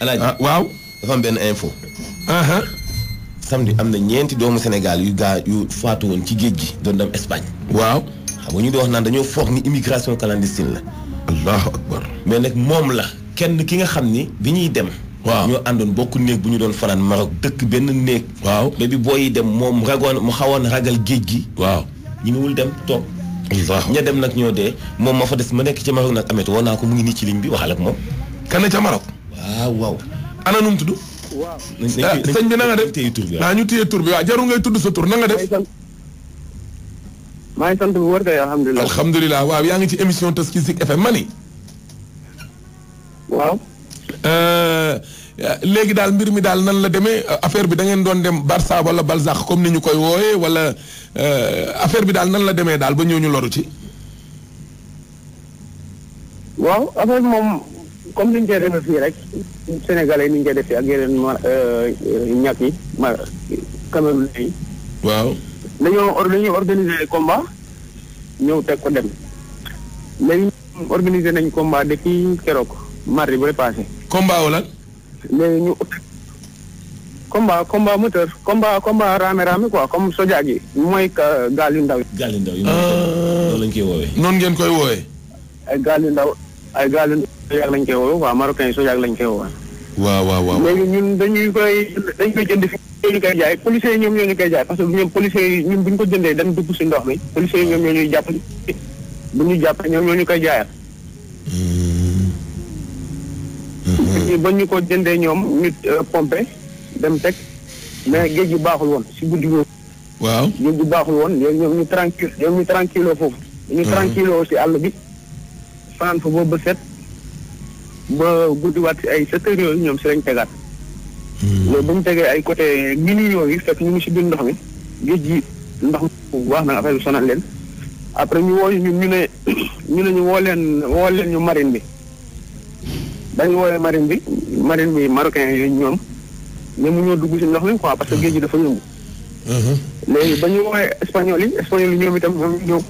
alaaji ah, waaw dafa am benn info. Uh-huh. samedi am na ñeenti doomu Sénégal yu gaa yu faatu woon ci géej gi doon dem Espagne. waaw xam nga ñu di wax naan dañoo foog ni immigration clandestine la. allahu akbar. mais nag moom la kenn ki nga xam ni bi ñuy dem. waaw ñoo àndoon bokk néeg bu ñu doon fanaan marok dëkk benn néeg. waaw mais bi booy dem moom ragoon mu xawoon ragal géej gi. waaw ñu newul dem toog. waaw ña dem nag ñoo dee moom ma fa des ma nekk ci Maroc nag amet woo naa ko mu ngi nii ci ligne bi waxal ak moom. ca Maroc. ah waaw. ana nu mu tudd. waaw eh, sëñ bi na nga def téye tur bi waaw ñu téye tur bi waaw jarul ngay tudd sa tur na nga def. maa ngi sant bu wër kay alhamdulilah. alhamdulilah waaw yaa ngi ci émission Taski Zik FM mani. Eh, eh, léegi daal mbir mi daal nan la demee affaire bi da ngeen doon dem Barça wala balsax comme ni ñu koy wooyee wala affaire bi daal nan la demee daal ba ñëw ñu loru ci. waaw affaire moom. comme ni ñu koy defee fii rek sénégalais ni ñu koy defee ak yeneen ma euh, euh, ñàkk yi ma Cameroun yi. waaw. dañoo or combat ñëw teg ko dem léegi organiser nañ combat depuis keroog mardi bu repassé. combat wala. léegi combat combat moteur combat combat raame raame quoi comme soja gi mooy gaal yu ndaw yi. gaal yu ndaw yi. Ah. noonu koy woowee. ngeen koy woowee. ay gaal yu ndaw ay gaal yu yàgg lañ koy woo waa marocain so wow lañ koy woo waaw waaw waaw léegi ñun dañuy koy dañ koy jënd fi ñooñu koy jaay policiers yi ñoom ñooñu koy jaay parce que ñoom policiers yi ñun buñ ko jëndee dañ dugg si ndox mi policiers yi ñoom ñooñuy jàpp bu ñu jàpp ñoom ñooñu koy jaayal ba ñu ko jëndee ñoom ñu pompé dem teg mais géej gi baaxul woon si guddi boobu waaw géej gi baaxul woon yooyu ñoom ñu tranquille ñoom ñu tranquille foofu ñu tranquille si àll bi fanaan fa boobu set ba guddiwaat si ay sept heures yooyu ñoom si lañ tegaat. Hmm. loolu ba mu tegee ay côté mini yooyu fekk ñu ngi si biir ndox mi géej gi ndox mi bu baax na affaire bi leen après ñu woo ñu ñu ne ñu ne ñu woo leen woo leen ñu marine bi. ba ñu marine bi marine bi marocain yooyu ñoom ñoom ñoo dugg si ndox mi quoi parce que géej gi dafa yëngu. Hmm. léegi ba ñu woowee espagnol yi espagnol yi ñoom itam ñoom ñoo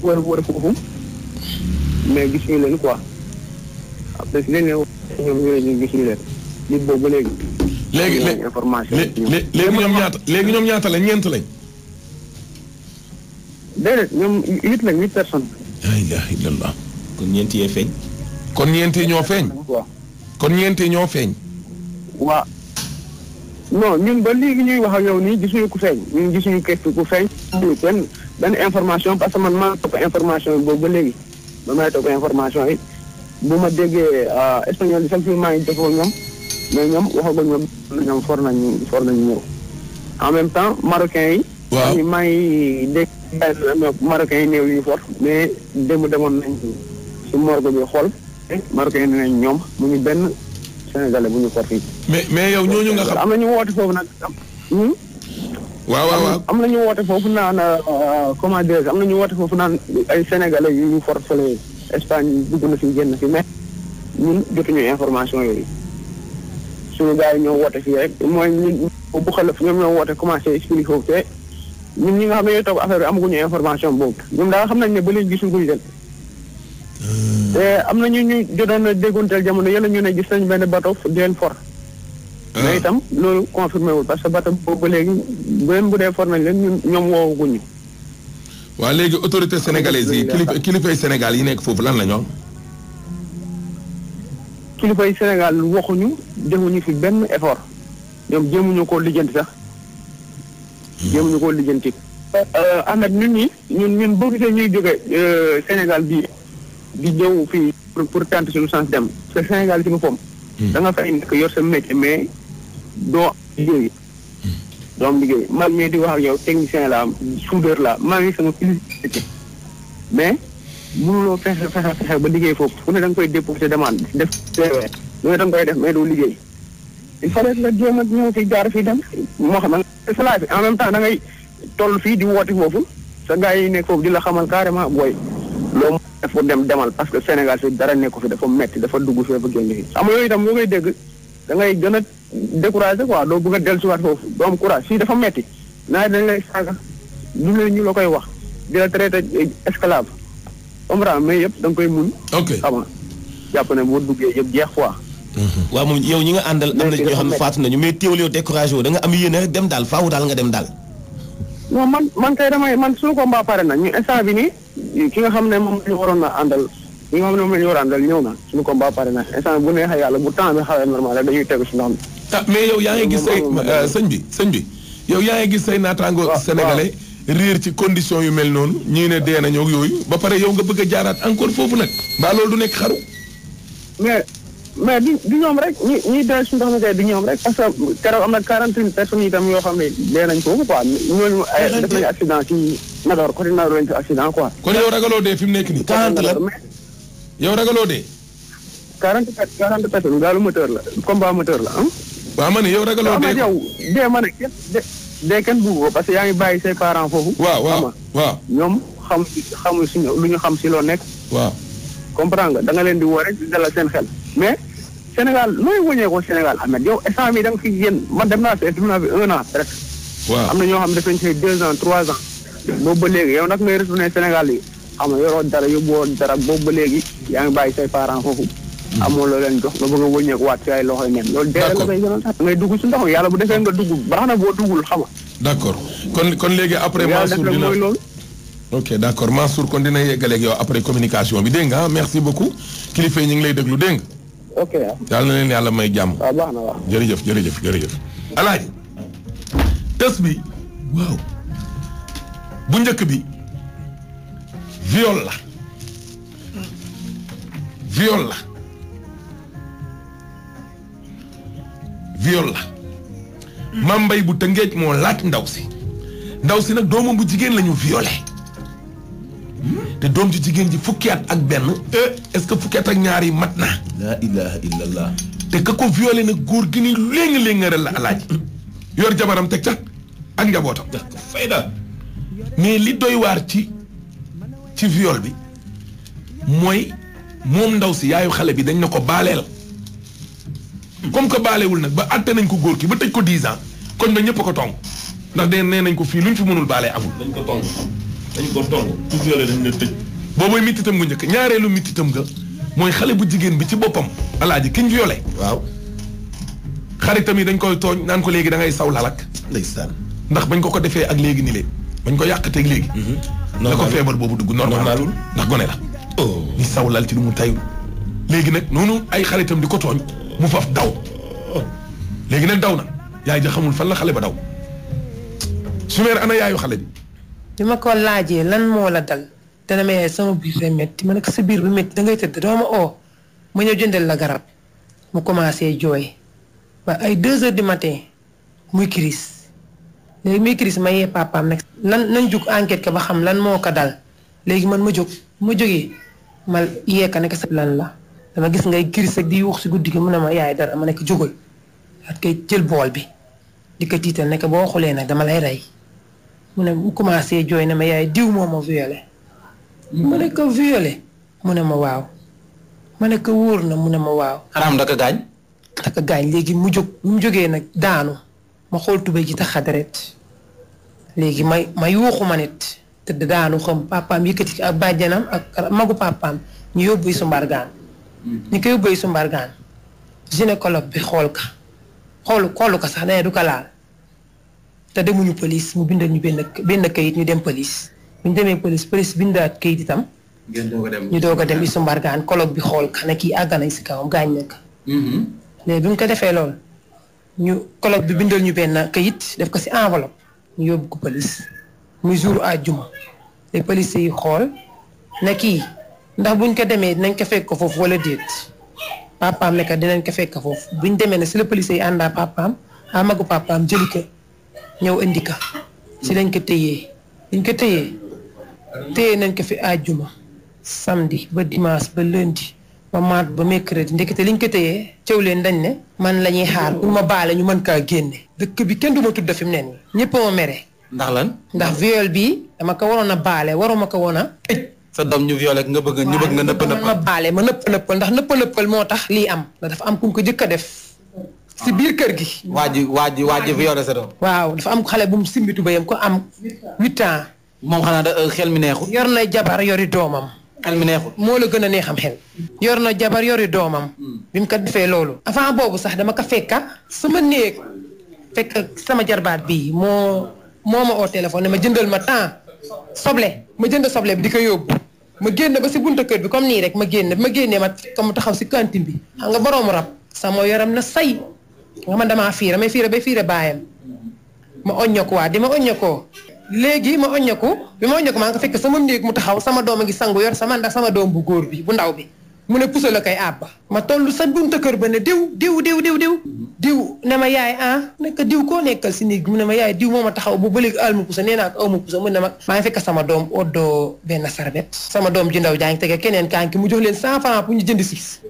war a war a foofu mais gis ñu leen quoi. bés bu ñoom ñooy ñu gis ñu ba léegi. léegi léegi ñoom ñaata léegi ñoom ñaata lañ ñeent lañ. déedéet ñoom huit lañ huit personnes. la ilaha illallah. kon ñeenti yee feeñ. kon ñeenti ñoo feeñ. kon ñeenti ñoo feeñ. waa non ñun ba léegi ñuy wax a yow nii gisuñu ku feeñ ñun gisuñu képp ku feeñ. ñu kenn information parce que man maa topp information boobu ba léegi man maay topp information yi. bu ma déggee euh, espagnol bi sax fi maa ngi ñoom mais ñoom waxagul ñoom ñoom for nañu for nañu ñëw en même temps marocain yi. waaw maa ngi dégg marocain néew yu for mais démb demoon nañ si bi xool marocain yi ñoom mu ñu benn sénégalais bu ñu for fii. mais mais ñooñu nga xam. am na ñu woote foofu nag. Hmm? waaw waaw waaw na ñu woote foofu naan euh, comment dirais am na ñu woote foofu naan ay sénégalais yu ñu for fële. Espagne dugg na fi génn fi mais ñun jotuñu information yooyu suñu gars yi ñoo woote fii rek mooy ñun bu xalaf ñoom ñoo woote commencé expliqué foofu te ñi nga xam ne ñooy toog affaire amaguñu information boobu ñoom daal xam nañ ne ba léegi gisuguñu leen. Hmm. te am na ñu ñu jotoon a déggonteel jamono yàlla ñu ne gis nañ benn bateau di leen for. Ah. mais itam loolu confirmé wul parce que bateau boobu ba léegi bu leen bu dee for nañ leen ñun ñoom woowaguñu. waa léegi autorité sénégalaise yi kilifa kilifay Sénégal yi nekk foofu lan la ñoom. kilifay Sénégal waxuñu defuñu fi benn effort ñoom jëmuñu ko lijjanti sax jéemuñu koo lijjanti. Euh, Ahmed ñun ñi ñun ñun boo gisee ñuy jóge euh, Sénégal bii di ñëw fii pour pour tenter suñu sens dem parce Sénégal ci boppam. Hmm. da nga fay nekk yor sa métier mais doo liggéey. doom liggéey man mii di wax ak yow technicien la am soudeur la maa ngi sama publicité mais mënuloo fexe fexe fexe ba liggéey foofu fu ne da nga koy déposé demande def CV koy def mais doo liggéey il fallait la a ñëw fi jaar fii dem moo xam ne bi en da ngay toll fii di woote foofu sa gars yi nekk di la xamal carrément booy loo def ko dem demal parce que Sénégal fi dara nekku fi dafa metti dafa dugg fee ba génn fi xam yooyu itam boo koy dégg da ngay gën découragé quoi doo bëgg a dellusiwaat foofu doo am courage fii dafa metti naa dañ lay saaga lu ne ñu la koy wax de la traité esclave comprendre mais yëpp da nga koy mun. ok xam nga jàpp ne boo duggee yëpp jeex quoi. Mhm. mais teewul yow découragé wu da nga am yéene rek nga dem daal. non man man kay damay man suñu combat pare na ñu instant bi nii ki ne moom a àndal ki nga xam a àndal ñëw na suñu combat pare na instant bu neexee yàlla bu temps bi xawee normal dañuy tegu si ndox mi. ah mais yow yaa ngi gis say euh, sëñ bi sëñ bi yow yaa ngi gis say naataango sénégalais réer ci condition yu mel noonu ñii ne dee nañoo yooyu ba pare yow nga bëgg a jaaraat encore foofu nag mbaa loolu du nekk xaru mais mais du du ñoom rek ñi ñi dee suñu ndox mi kay du ñoom rek parce que keroog am na quarante une yoo xam ne dee nañ foofu quoi ñooñu ay def nañu accident ci kon yow ragaloo dee fi mu nekk nii quarante la yow ragaloo dee quarante quarante personnes gaalu moteur la combat moteur la waaw man yow ragaloo dee yow dee man dee kenn ko parce que yaa ngi bàyyi say parents foofu. waa waaw waaw ñoom xam xamul si lu ñu xam si loo nekk. waaw comprendre nga da nga leen di woo rek dalal seen xel mais. Sénégal nooy wëñee ko Sénégal Ahmed yow instant bi da nga fi yéen man dem naa fi def naa fi un an presque. am na ñoo xam ne dafañ see deux ans trois ans. boobu léegi yow nag may retourné Sénégal yi xam nga yoroo dara yóbbuwoo dara boobu ba léegi yaa ngi bàyyi say parents foofu. Mm-hmm. amoo loo leen jox nga bëgg a wëññeeku waat ci ay loxo nen loolu dee la koy gënal ngay dugg si ndox mi yàlla bu defee nga dugg baax na boo duggul xama d'accord kon kon léegi après Mansour dina ok d'accord Mansour kon dina yeggaleeg yow après communication bi dégg nga ah, merci beaucoup kilifa yi ñu ngi lay déglu dégg nga ok ah. yàlla na leen yàlla may jàmm waaw ah, baax na waaw jërëjëf jërëjëf jërëjëf alaaji tës bi waaw bu njëkk bi viol la viol la viol la mam mbay bu tëngeej moo laaj ndaw si ndaw si nag doomam bu jigéen la ñu violé te doom ci jigéen ji fukki ak benn est-ce que fukki at ak ñaar yi mat na laa ilaha illallah te ka ko violé nag góor gi ni léenga-léenga la laaj yor jabaram teg ca ak njaboota fayda mais li doy waar ci ci viol bi mooy moom ndaw si yaayu xale bi dañ na ko baaleel comme que baalewul nag ba àtte nañ ko góor ki ba tëj ko 10 koñ ba ñëpp ko tong ndax de nee nañ ko fii luñ fi mënul baale amul. dañ ko tong dañ ko tong. toujours dañ la tëj. boobooy mititam gu njëkk ñaareelu mititam ga mooy xale bu jigéen bi ci boppam. alaaji kiñ violé. waaw xaritam yi dañ koy tooñ naan ko léegi da ngay saw lalak. ndeysaan ndax bañ ko ko defee ak léegi ni leen bañ ko yàqateeg léegi. normal mhm. la ko feebar boobu dugg normalul ndax gone la. oh ñu saw lal ci lu mu tayul. léegi nag noonu ay xaritam di ko tooñ mu faf daw léegi nag daw na yaay ja xamul fan la xale ba daw su meer ana yaayu xale bi. ma ko laajee lan moo la dal dana ma yaay sama biir day métti ma nag sa biir bu métti dangay tëdd doo ma oo ma ñëw jëndal la garab mu commencé jooy ba ay deux heures du matin muy crise léegi muy crise ma yee papaam nag. lan nañ jóg enquête ka ba xam lan moo ko dal léegi man ma jóg ma jógee ma yee ka nekk sa lan la. dama gis ngay kiris ak di yuux si guddi gi mu ne ma yaay dara ma nekk jógal at koy jël bool bi di ko tiital nekk boo xulee nag dama lay rey mu ne mu commencé jooy ne ma yaay diw moo ma violé ma ne ko violé mu ne ma waaw ma ne ko wóor na mu ne ma waaw. araam da ko gaañ. da gaañ léegi mu jóg mu jógee nag daanu ma xool tubéy ji tax a léegi may ma yuuxu ma nit te daanu xam papaam yëkkati ak bàjjanam ak magu papaam ñu yóbbu su mbargaan ñu koy yóbbu su mbargaan gynécologue bi xool xoolu xoolu ko sax nee du ko te demuñu police mu bindal ñu benn benn kayit ñu dem police bu ñu demee police police bindaat kayit itam. ñu doog a dem isu mbargaan colloque bi xool ka ne kii àgg nañ si kawam gaañ na ko. léegi mm-hmm. ko defee lool ñu colloque bi bindal ñu benn kayit def ko si enveloppe ñu yóbbu ko police muy jour àjjuma les policiers yi xool ne kii. ndax buñ ko demee dinañ ko fekk ko foofu wala déet papaam ne dinañ ko fekk foofu buñ demee ne si la police yi àndaa papaam a magu papaam jëli ko ñëw indi ka si lañ ko téyee liñ ko téyee téyee nañ ko fi àjjuma samedi ba dimanche ba lundi ba maat ba mercredi ndekete liñ ko téyee cëw leen dañ ne man la ñuy xaar ma baale ñu mën kaa génne dëkk bi kenn du ma tudd fi mu ne nii ñëpp mere ndax lan ndax viol bi dama ko waroon a baale ma ko woon a sa doom ñu violé nga bëgg ñu bëgg nga nëpp nëppal ma baale ma nëpp nëppal ndax nëpp nëppal moo tax lii am na dafa am ku ko jëkk a def si biir kër gi waa ji waa ji waa ji violé sa doom waaw dafa am xale bu simbitu ba yam ko am huit ans moom xanaa da euh, xel mi neexul yor na jabar yori doomam xel mi neexul moo la gën a neexam xel yor na jabar yori doomam hmm. bi mu ko defee loolu avant boobu sax dama ko fekka sama néeg fekk sama jarbaat bii moo moo ma oo téléphone ma jëndal ma temps soble ma jënd soble bi di ko yóbbu ma génn ba si bunta kër bi comme nii rek ma génn ma génnee ma ko mu taxaw si cantine bi xam nga boroomu rab sama yaram na say nga man damaa fiira may fiira ba fiira baayam ma oññoku waa di ma oññokoo léegi ma oññoku bi ma oññoku maa nga fekk sama néeg mu taxaw sama doom a ngi sangu yor sama ndax sama doom bu góor bi bu ndaw bi mu ne puso la koy àbb ma toll sa buntu kër ba ne diw diw diw diw diw diw ne ma yaay ah nekk diw koo nekkal si néeg mu ne ma yaay diw moo ma taxaw bu ba almu pousse ma ak nee pousse ko ma mu ne ma maa fekk sama doom oddo ben sarbet sama doom ji ndaw jang tege keneen kanki mu jox leen cent francs pour ñu jënd six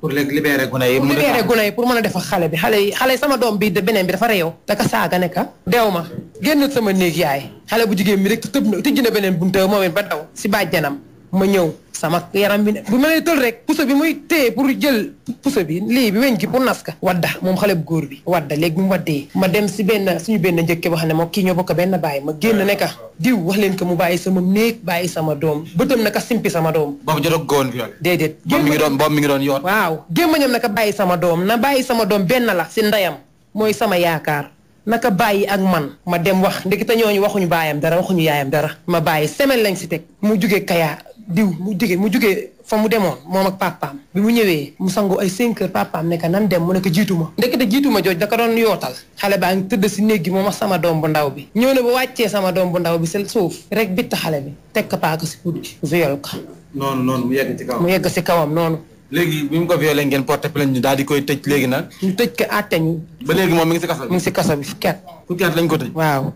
pour leg libéré gune mu libéré gune pour mën a def xale bi xalé xalé xale sama doom bi beneen bi dafa réew. ka saaga ne ka. dew ma génn sama neeg yaay xale bu jigéen mi rek tëb na tijji na beneen bunte ba daw si bàjjanam ma ñëw sama yaram bi ne bu ma lay tël rek puso bi muy téye pour jël puso bi lii bi weñ gi pour nas ka wadda moom xale bu góor bi wadda léegi mu waddee ma dem si benn suñu benn njëkke boo ne moo kii ñoo bokk benn bàyyi ma génn ne ka diw ko mu bàyyi sama néeg bàyyi sama doom bëtam naka simpi sama doom boobu jotoo góon yoon déedéet boobu mi ngi doon mi ngi doon yoon waaw gémmañam naka bàyyi sama doom na bàyyi sama doom benn la si ndeyam mooy sama yaakaar naka bàyyi ak man ma dem wax ndekete ñooñu waxuñu baayam dara waxuñu yaayam dara ma bàyyi semaine lañ si teg mu jugee kayaa diw mu jógee mu jógee fa mu demoon moom ak papaam bi mu ñëwee mu sangu ay cinq heures papaam ne ka nan dem mu ne ko jiituma ndekete jiituma jooj da ko doon yootal xale ba ngi tëdd si néegi moom ak sama doom bu ndaw bi ñëw na ba wàccee sama doom bu ndaw bi si suuf rek bitt xale bi teg ko paaka si noonu noonu mu yegg ci kawam mu yegg si kawam noonu léegi bi mu ko violé ngeen porté plainte daal di koy tëj léegi nag ñu tëj ko àtte ñu moom mi ngi si kaso bi mi ngi si kaso bi fukki at fukki lañ ko tëj waaw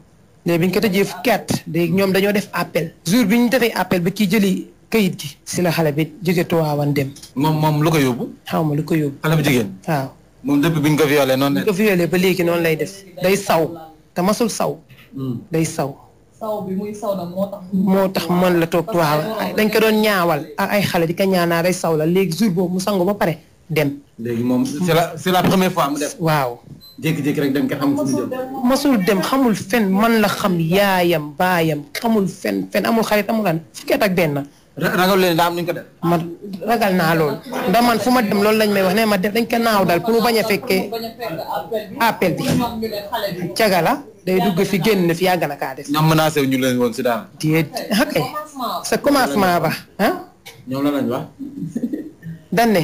léegi bi ñu ko tëjee fukki at léegi ñoom dañoo def appel jour bi ñu defee appel ba kii jëli kayit gi si la xale bi jóge tuwaawan dem. moom moom lu ko yóbbu. xaw ma lu ko yóbbu. xale bu jigéen. waaw moom depuis bi ñu ko violé noonu la. ko violé ba léegi noonu lay def day saw te masul saw. Hmm. day saw. moo tax. man la toog dañ ko doon ñaawal ak ay xale di ko ñaanaa day saw la léegi jour boobu mu ba pare dem. léegi moom c'est la c'est waaw. jékki-jékki rek dem nga xamul fu dem xamul fen man la xam yaayam baayam xamul fen fen amul xarit amul lan fukki at ak benn. ragal leen daa am ñu ko def. man ragal naa lool ndax man fu ma dem loolu lañ may wax ne ma def dañ ko naaw daal pour mu bañ a fekkee appel bi cagala day dugg fi génn fi yàgg na kaa def. ñoom menacé ñu leen woon si daan. déet ok ah, sa commencement ba ah. ñoom la lañ wax. dañ ne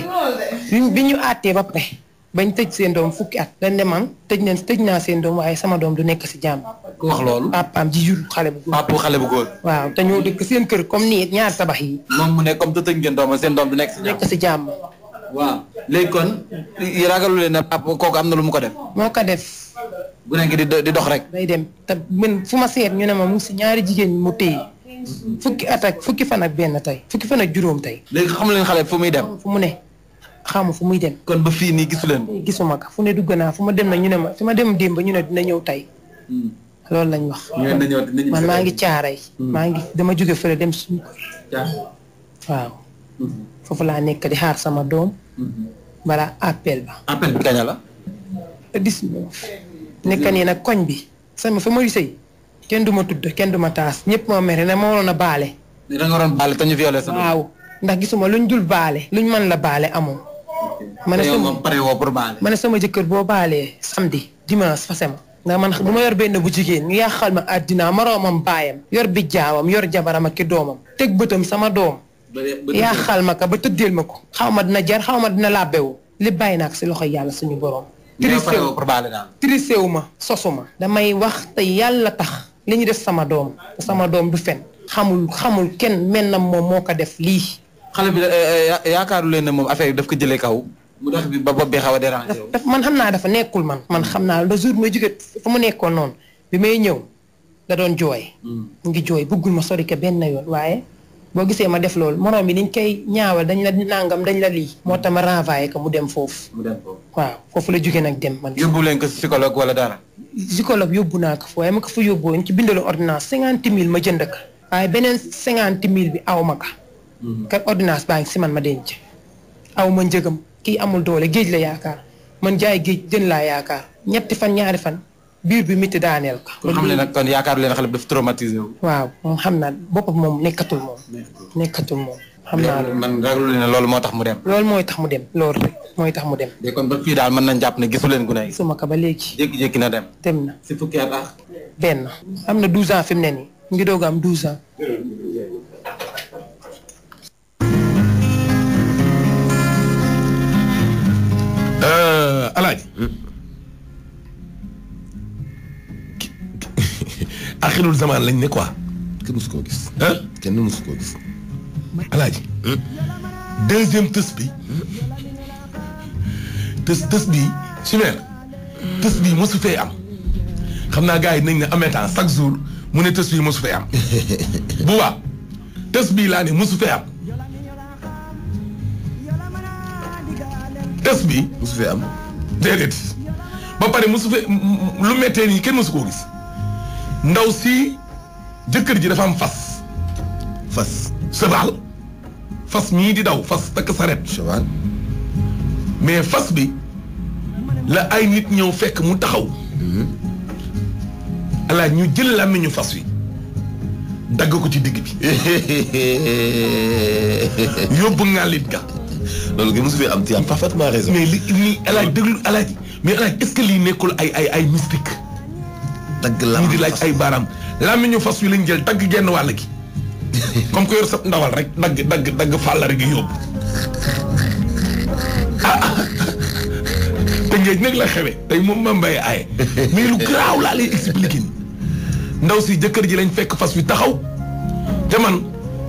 bi ñu àttee ba pare. bañ tëj seen doom fukki at dañ ne man tëj naa seen doom waaye sama doom du nekk si jàmm. ku wax loolu. papaam ji jur xale bu góor. papu xale bu góor. waaw te ñoo dëkk seen kër comme nii ñaari tabax yi. moom mu ne comme te tëj ngeen doom seen doom du nekk si jàmm. si jàmm. waaw léegi kon ragalu leen ne papa kooku am na lu mu ko def. moo ko def. bu nekk di di dox rek. day dem te man fu ma seet ñu ne ma mu si ñaari jigéen mu téye. fukki at ak fukki fan ak benn tey. fukki fan ak juróom tey. léegi xam leen xale fu muy dem. fu mu ne. xamu fu muy dem. kon ba fii nii gisu leen. gisuma ka fu ne dugga naa fu ma dem na ñu ne ma fi ma dem démb ñu ne dina ñëw tey. Hmm. loolu lañ wax. man maa ngi caaray. Hmm. maa ngi dama jóge fële dem suñu kër. waaw. Hmm. laa nekk di xaar sama doom. balaa appel ba. la. dix nii nag koñ bi. sama fa may sëy kenn du ma tudd kenn du ma taas ñëpp moo mere ne ma a baale. da nga waroon baale te sa waaw ndax gisuma luñ dul baale luñ man la baale amoon. ma ne sama ma ne sama jëkkër boo baalee samedi dimanche fase ma ndax man du ma yor benn bu jigéen ñu yàqal ma àddina moroomam baayam yor bi jaawam yor jabaram ak ki doomam teg bëtam sama doom. yaxal ma ka ba tëddeel ma ko. xaw ma dina jar xaw ma dina làbbewu li bàyyi naa ko si loxo yàlla suñu borom. trisewu ma sosu ma damay wax te yàlla tax li ñu def sama doom sama doom du fen xamul xamul kenn mel na moom moo ko def lii xale bi eh, eh, yaakaaru leen ne moom affaire daf ko jëlee kaw. ba bopp bi xaw a déranger. daf man xam naa dafa nekkul man man xam naa le jour may jóge fa mu nekkoon noonu bi may ñëw da doon jooy. Hmm. mu ngi jooy bëggul ma sori ko benn yoon waaye. boo gisee ma def loolu moroom bi niñ koy ñaawal dañ la nangam dañ la lii. moo tax ma renvoyé ko mu dem foofu. waaw foofu la jógee nag dem man. yóbbu leen ko psychologue wala dara. psychologue yóbbu naa ko fa waaye ma ko fa yóbbuwoon ci bindalu ordonnance cinquante mille ma jënd ko. waaye beneen cinquante mille bi aw ma Mhm. kat ordonnance baa ngi si man ma denc aw ma njëgam kii amul doole géej la yaakaar man njaay géej jën laa yaakaar ñetti fan ñaari fan biir bi mitti daaneel ko. kon xam leen nag kon yaakaar leen xale bi daf traumatisé wu. waaw moom xam naa boppam nekkatul moom. xam naa loolu man ragalu moo tax mu dem. loolu mooy tax mu dem loolu rek mooy tax mu dem. kon daal mën nañ jàpp ne gisu leen gune yi. gisuma ko ba léegi. jékki-jékki na dem. dem na benn am na 12 ans fi mu ne nii ngi doog am 12 ans. alaaji axirul zaman lañ ne ko kenn musu koo gis. ah kenn musu koo gis. alaaji. deuxième tës bi. tës tës bii. chimère. tës am. xam naa gars yi nañ ne amee temps chaque mu ne tës bii mosu fee bu baax tës bii laa ne am. tës bi mosu am. déedéet ba pare mosu fe lu metté ni kenn gis ndaw si ji dafa am fas fas cheval fas di daw fas tak saret mais fas bi la ay nit ñew fekk mu taxaw mm-hmm. ala ñu jël Nous fas wi ko ci digg bi loolu nga mosu fi am tu as parfaitement raison. mais li nii El Hadj déglu El Hadj mais El lii nekkul ay ay ay mystique. dagg la ñu di laaj ay baaraam. làmmiñu fas wi lañ jël dagg genn wàll gi. comme ko yor sa ndawal rek dagg dagg dagg fàlla rek yóbbu. ah, ah, ah. la xewe tey moom ma mbay aaye. mais lu garaaw laa lay expliquer nii. ndaw si jëkkër ji lañ fekk fas wi taxaw te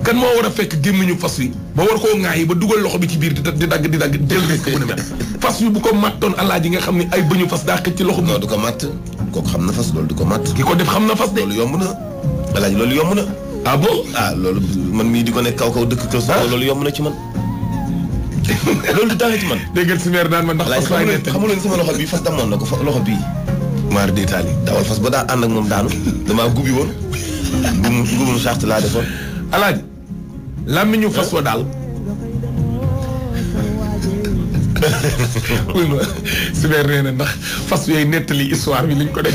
kan moo war a fekk gémmiñu fas wi ba war koo ŋaay ba dugal loxo bi ci biir di di dagg di dagg del risque mën a mel fas wi bu ko mattoon allah ji nga xam ne ay bëñu fas daa xëcc ci loxo bi non du ko matt kooku xam na fas loolu du ko matt ki ko def xam na fas de loolu yomb na alaaji loolu yomb na ah bon ah loolu man mii di ko nekk kaw kaw dëkk kaw sa ah. loolu yomb na ci man loolu du dara ci man. dégg nga si meer naan ma ndax fas laay nekk xamul sama loxo bii fas damoon na ko loxo bii. maar di taali dawal fas ba daa ànd ak moom daanu damaa gubbi woon. gubum gubum charte laa defoon alaaji làmmiñu fas wa daal. oui ma Sibère nee na ndax fas yooyu nettali histoire bi liñ ko def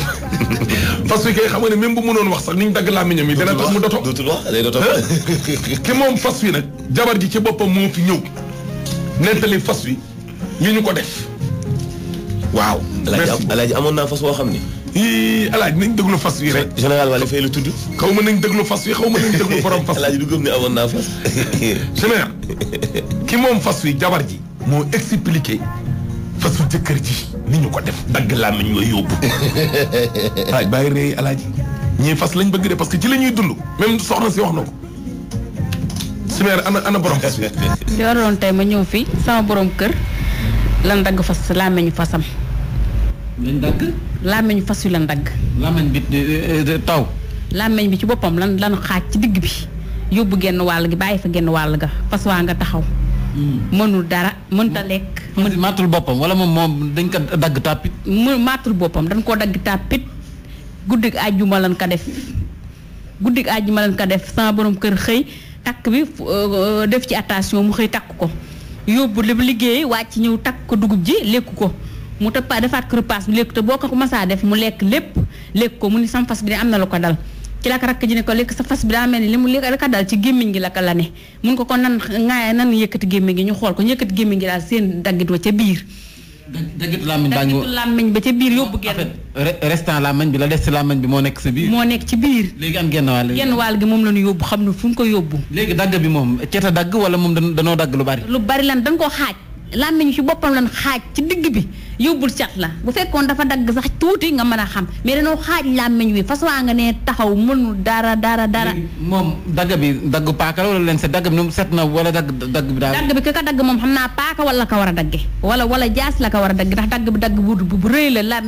fas wi kay xam nga ne même bu mënoon wax sax niñ dagg làmmiñam yi dana tax mu doto dootul wax day doto moom fas wi nag jabar ji ci boppam mu fi ñëw nettali fas wi li ko def waaw. merci alaaji amoon naa fas woo xam ni. yii alaaj nañ déglu fas wi rek. général Waly Faye la tudd. xaw ma nañ déglu fas wi xaw ma nañ déglu borom fas wi. alaaj du gëm ne amoon naa fas. général ki moom fas wi jabar ji. moo expliqué fasu jëkkër ji ni ñu ko def. dagg làmmiñ wa yóbbu. alaaj bàyyi rëy alaaj ñii fas lañ bëgg de parce que ci la ñuy dund. même soxna si wax na ko. simeer ana ana borom fas wi. li waroon tey ma ñëw fii sama borom kër lan dagg fas làmmiñu fasam. lañ làmmiñ fas yu lan dagg. làmmiñ bi euh, euh, taw. làmmiñ bi ci boppam lan lan xaaj ci digg bi yóbbu genn wàll gi bàyyi fa genn wàll ga fas waa nga taxaw. Hmm. mënul dara mënta lekk. mën maatul boppam wala moom moom dañ ko dagg tàppit. mu maatul boppam dañ koo dagg tàppit guddig àjjuma lan ko def guddig àjjuma lan ko def sama borom kër xëy takk bi euh, def ci attention mu xëy takk ko yóbbu li liggéey ci ñëw takk ko dugub ji lekk ko. mu tëppa defaat ko repasse mu lekk te boo ko commencé a def mu lekk lépp lekk ko mu ni sam fas bi ne am na lu ko dal ci la ko rakk ji ne ko lekk sa fas bi daa mel ni li mu lekk la ko dal ci gémmiñ gi la ko la ne mun ko ko nan ŋaaye nan yëkkati gémmiñ gi ñu xool ko ñu gémmiñ gi daal seen daggit wa ca biir daggitu làmmiñ baa ngi làmmiñ ba ca biir yóbbu genn restant làmmiñ bi la des ci làmmiñ bi moo nekk sa biir moo nekk ci biir léegi am genn wàll genn wàll gi moom la ñu yóbbu xam ne ko yóbbu léegi dagg bi moom ceeta dagg wala mom danoo dagg lu bari lu bari lan dañ ko xaaj làmmiñ ci boppam lan xaaj ci digg bi yóbbul cat la bu fekkoon dafa dagg sax tuuti nga mën a xam mais dañoo xaaj làmmiñ wi fas waa nga ne taxaw mënul dara dara dara. moom dagg bi dagg paaka la wala leen set dagg bi moom set na wala dagg dagg bi daal. dagg moom xam naa paaka wala ka war a dagge wala wala jaas la ka war a dagg ndax dagg bi dagg bu bu rëy la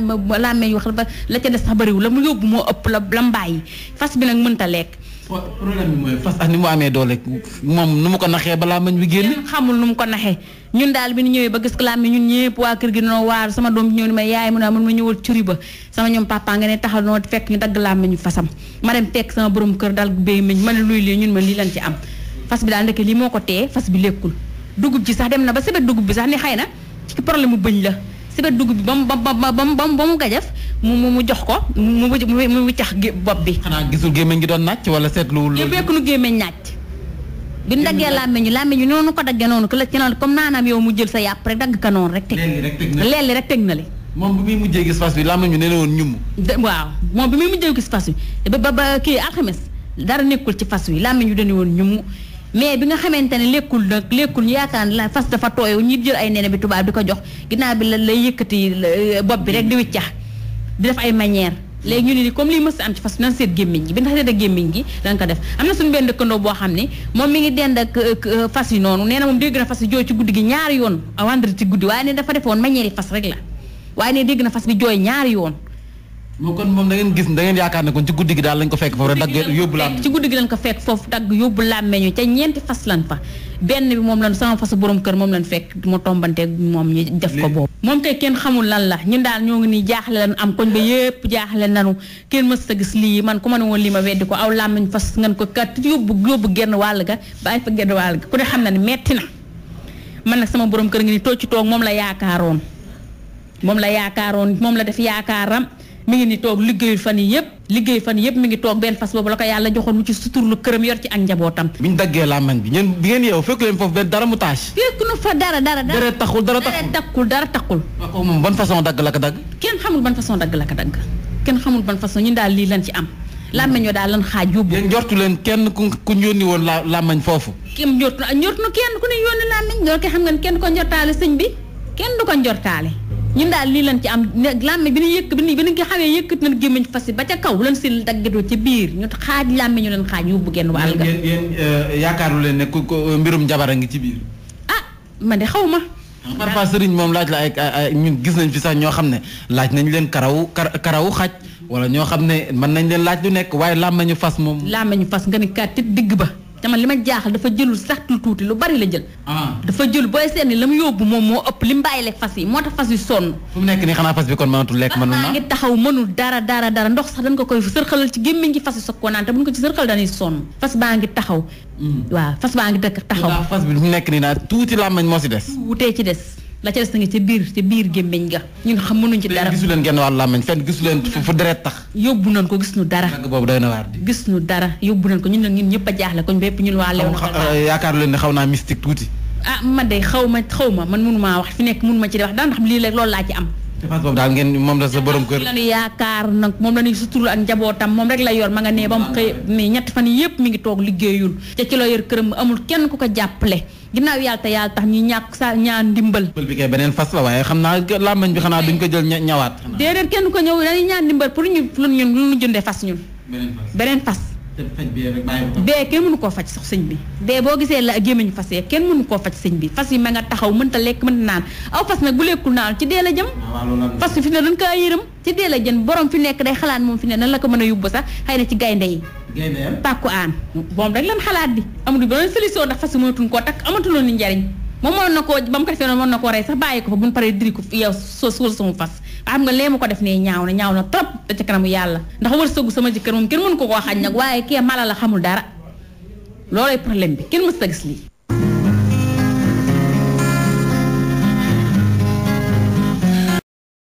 làmmiñ wax la ca des sax bëriwul la mu yóbbu moo ëpp la la mbaay fas bi nag mënta lekk. problème bi mooy fas ak ni mu amee doole moom nu mu ko naxee balaa mañ bi génn xamul nu mu ko naxee ñun daal bi nu ñëwee ba gis ko laam mi ñun ñëpp waa kër gi noo waar sama doom ñëw ni ma yaay mu ne mun ma ñëwal curi ba sama ñoom papa nga ne taxal noo fekk ñu dagg laam ñu fasam ma dem teg sama borom kër dal béy mañ ma ne luy lii ñun ma lii lan ci am fas bi daal ndeke lii moo ko tee fas bi lekkul dugub ci sax dem na ba sebet dugub bi sax ni xëy na ci problème la sibet dugub bi ba mu ba ba ba mu gajaf mu mu jox ko mu mu mu bopp bi. xanaa gisul gémmiñ gi doon nàcc wala seetluwul. yëpp yëpp nu gémmiñ nàcc. bi mu daggee làmmiñu làmmiñu noonu ko daggee noonu ku la ci noonu comme naanaam yow mu jël sa yàpp rek dagg ka noonu rek. teg leelli rek teg na li moom bi muy mujjee gis fas bi làmmiñu nee na woon ñum. waaw moom bi muy mujjee gis fas bi ba ba kii alxames dara nekkul ci fas wi làmmiñu dañu woon mais bi nga xamante ne lekkul nag lekkul ñu yaakaar ne fas dafa tooyoo ñi jël ay nene bi tubaab di ko jox ginnaaw bi la lay yëkkati euh, bopp bi rek di wiccax di def ay manière léegi ñu ne ni comme lii mës am ci fas nan seet gémmiñ gi bi ndax ko def am na suñu benn dëkkandoo boo xam ne moom mi ngi dend ak euh, fas yi noonu nee na moom dégg na fas yi jooy ci guddi gi ñaari yoon wandri ci guddi waaye ne dafa defoon manière yi fas rek la waaye ne dégg na fas bi jooy moo kon moom da ngeen gis da ngeen yaakaar ne kon ci guddi gi daal lañ ko fekk foofu rek dagg lan kay kenn xamul lan la ñun daal ñoo ngi nii jaaxle lan am koñ ba yépp jaaxle nanu kenn mës a gis lii man ku ma woon lii ma weddi ko aw làmmeñ fas ngeen ko kat yóbbu yóbbu genn wàll ga bàyyi fa genn wàll ga ku ne xam na ne metti na man nag sama borom kër ngi ni toog ci toog moom la yaakaaroon moom la yaakaaroon moom la def yaakaaram mi ngi ni toog liggéeyul fan yi yëpp liggéey fan yëpp mi ngi toog benn fas boobu la ko yàlla joxoon mu ci suturlu këram yor ci ak njabootam bi ñu daggee làmmañ bi ñeen ngeen yeew fekk leen foofu benn ban façon dagg la ko dagg kenn xamul ban façon dagg la ko dagg kenn xamul ban façon ñun daal lii lan ci am làmmañoo daal lan xaaj yóbbu yéen njortu leen kenn ku ku yónni woon la làmmañ foofu kim njortu kenn ku ne yónni làmmañ loolu ko xam nga kenn ko njortaale sëñ bi kenn du ko ñun daal lii lan ci am làmme bi ñu yëkk bi ñu bi ñu xawee yëkkat nañ gémmiñ fas ba ca kaw lan si daggitu ci biir ñu xaaj làmme ñu leen xaaj yóbbu genn wàll ga yéen yaakaaru leen nekk mbirum jabar a jabara ngi ci biir ah ma de xaw ma parfois sëriñ moom laaj la ay ñun gis nañ fi sax ñoo xam ne laaj nañ leen karaw karawu xaj wala ñoo xam ne mën nañ leen laaj lu nekk waaye làmme ñu fas moom làmme ñu fas nga ni kat digg ba te man li ma jaaxal dafa jëlul sax tuuti lu bari la jël. Ah. dafa jël booy seet ni la mu yóbbu moom moo ëpp li mu lekk fas yi moo tax fas yi sonn. fas baa ngi taxaw. Mm. waaw fas baa ngi dëkk taxaw. fas bi fu nekk nii naa tuuti làmmañ moo si des. tuutee ci des. la ca des na nga ca biir ca biir gémmiñ ga ñun xam mënuñ ci dara gisu leen genn wàllu làmmiñ fenn gisu fu deret tax yóbbu nañ ko gis nu dara boobu doy na waar di gis nu dara yóbbu nañ ko ñu ne ñun ñëpp a jaaxle koñ bépp ñun waa lew na yaakaar leen ne xaw naa mystique tuuti ah man de xaw ma xaw ma man mënu wax fi nekk mënu ma ci wax daa ndax lii rek loolu laa ci am dépense boobu daal ngeen moom la sa borom kër. la ñu yaakaar nag moom la ñu suturlu ak njabootam moom rek la yor ma nga nee ba mu xëy mais ñetti fan yëpp ngi toog liggéeyul te ci la yor këram amul kenn ku ko jàppale ginnaaw yàlla te yàlla tax ñu ñàkk sa ñaan ndimbal. ndimbal bi beneen fas la waaye xam naa làmbañ bi xanaa duñ ko jël ñawaat. déedéet kenn ko ñëw dañuy ñaan ndimbal pour ñu lu ñu jëndee fas ñun. beneen fas dee kenn mënu koo faj sax sëñ bi dee boo gisee la gémmiñu fas kenn mënu koo faj sëñ bi fas yi ma nga taxaw mënta lekk mënta naan aw fas na bu lekkul naan ci dee la jëm fas fi borom fi nekk day xalaat moom fi ne nan ko a yóbbu sax aan moom rek lan xalaat bi amul benn solution ndax fas yi mënatuñ koo takk amatuloon ni njariñ ba mu ko defee noonu mën na koo rey sax bàyyi ko fa bu ñu diri ko yow soo suul fas xam nga lee ma ko def ne ñaaw na ñaaw na trop da ca kanamu yàlla ndax wërsëgu sama jëkkër moom kenn mënu ko koo xañ nag waaye kee mala la xamul dara loolay problème bi kenn mës a gis lii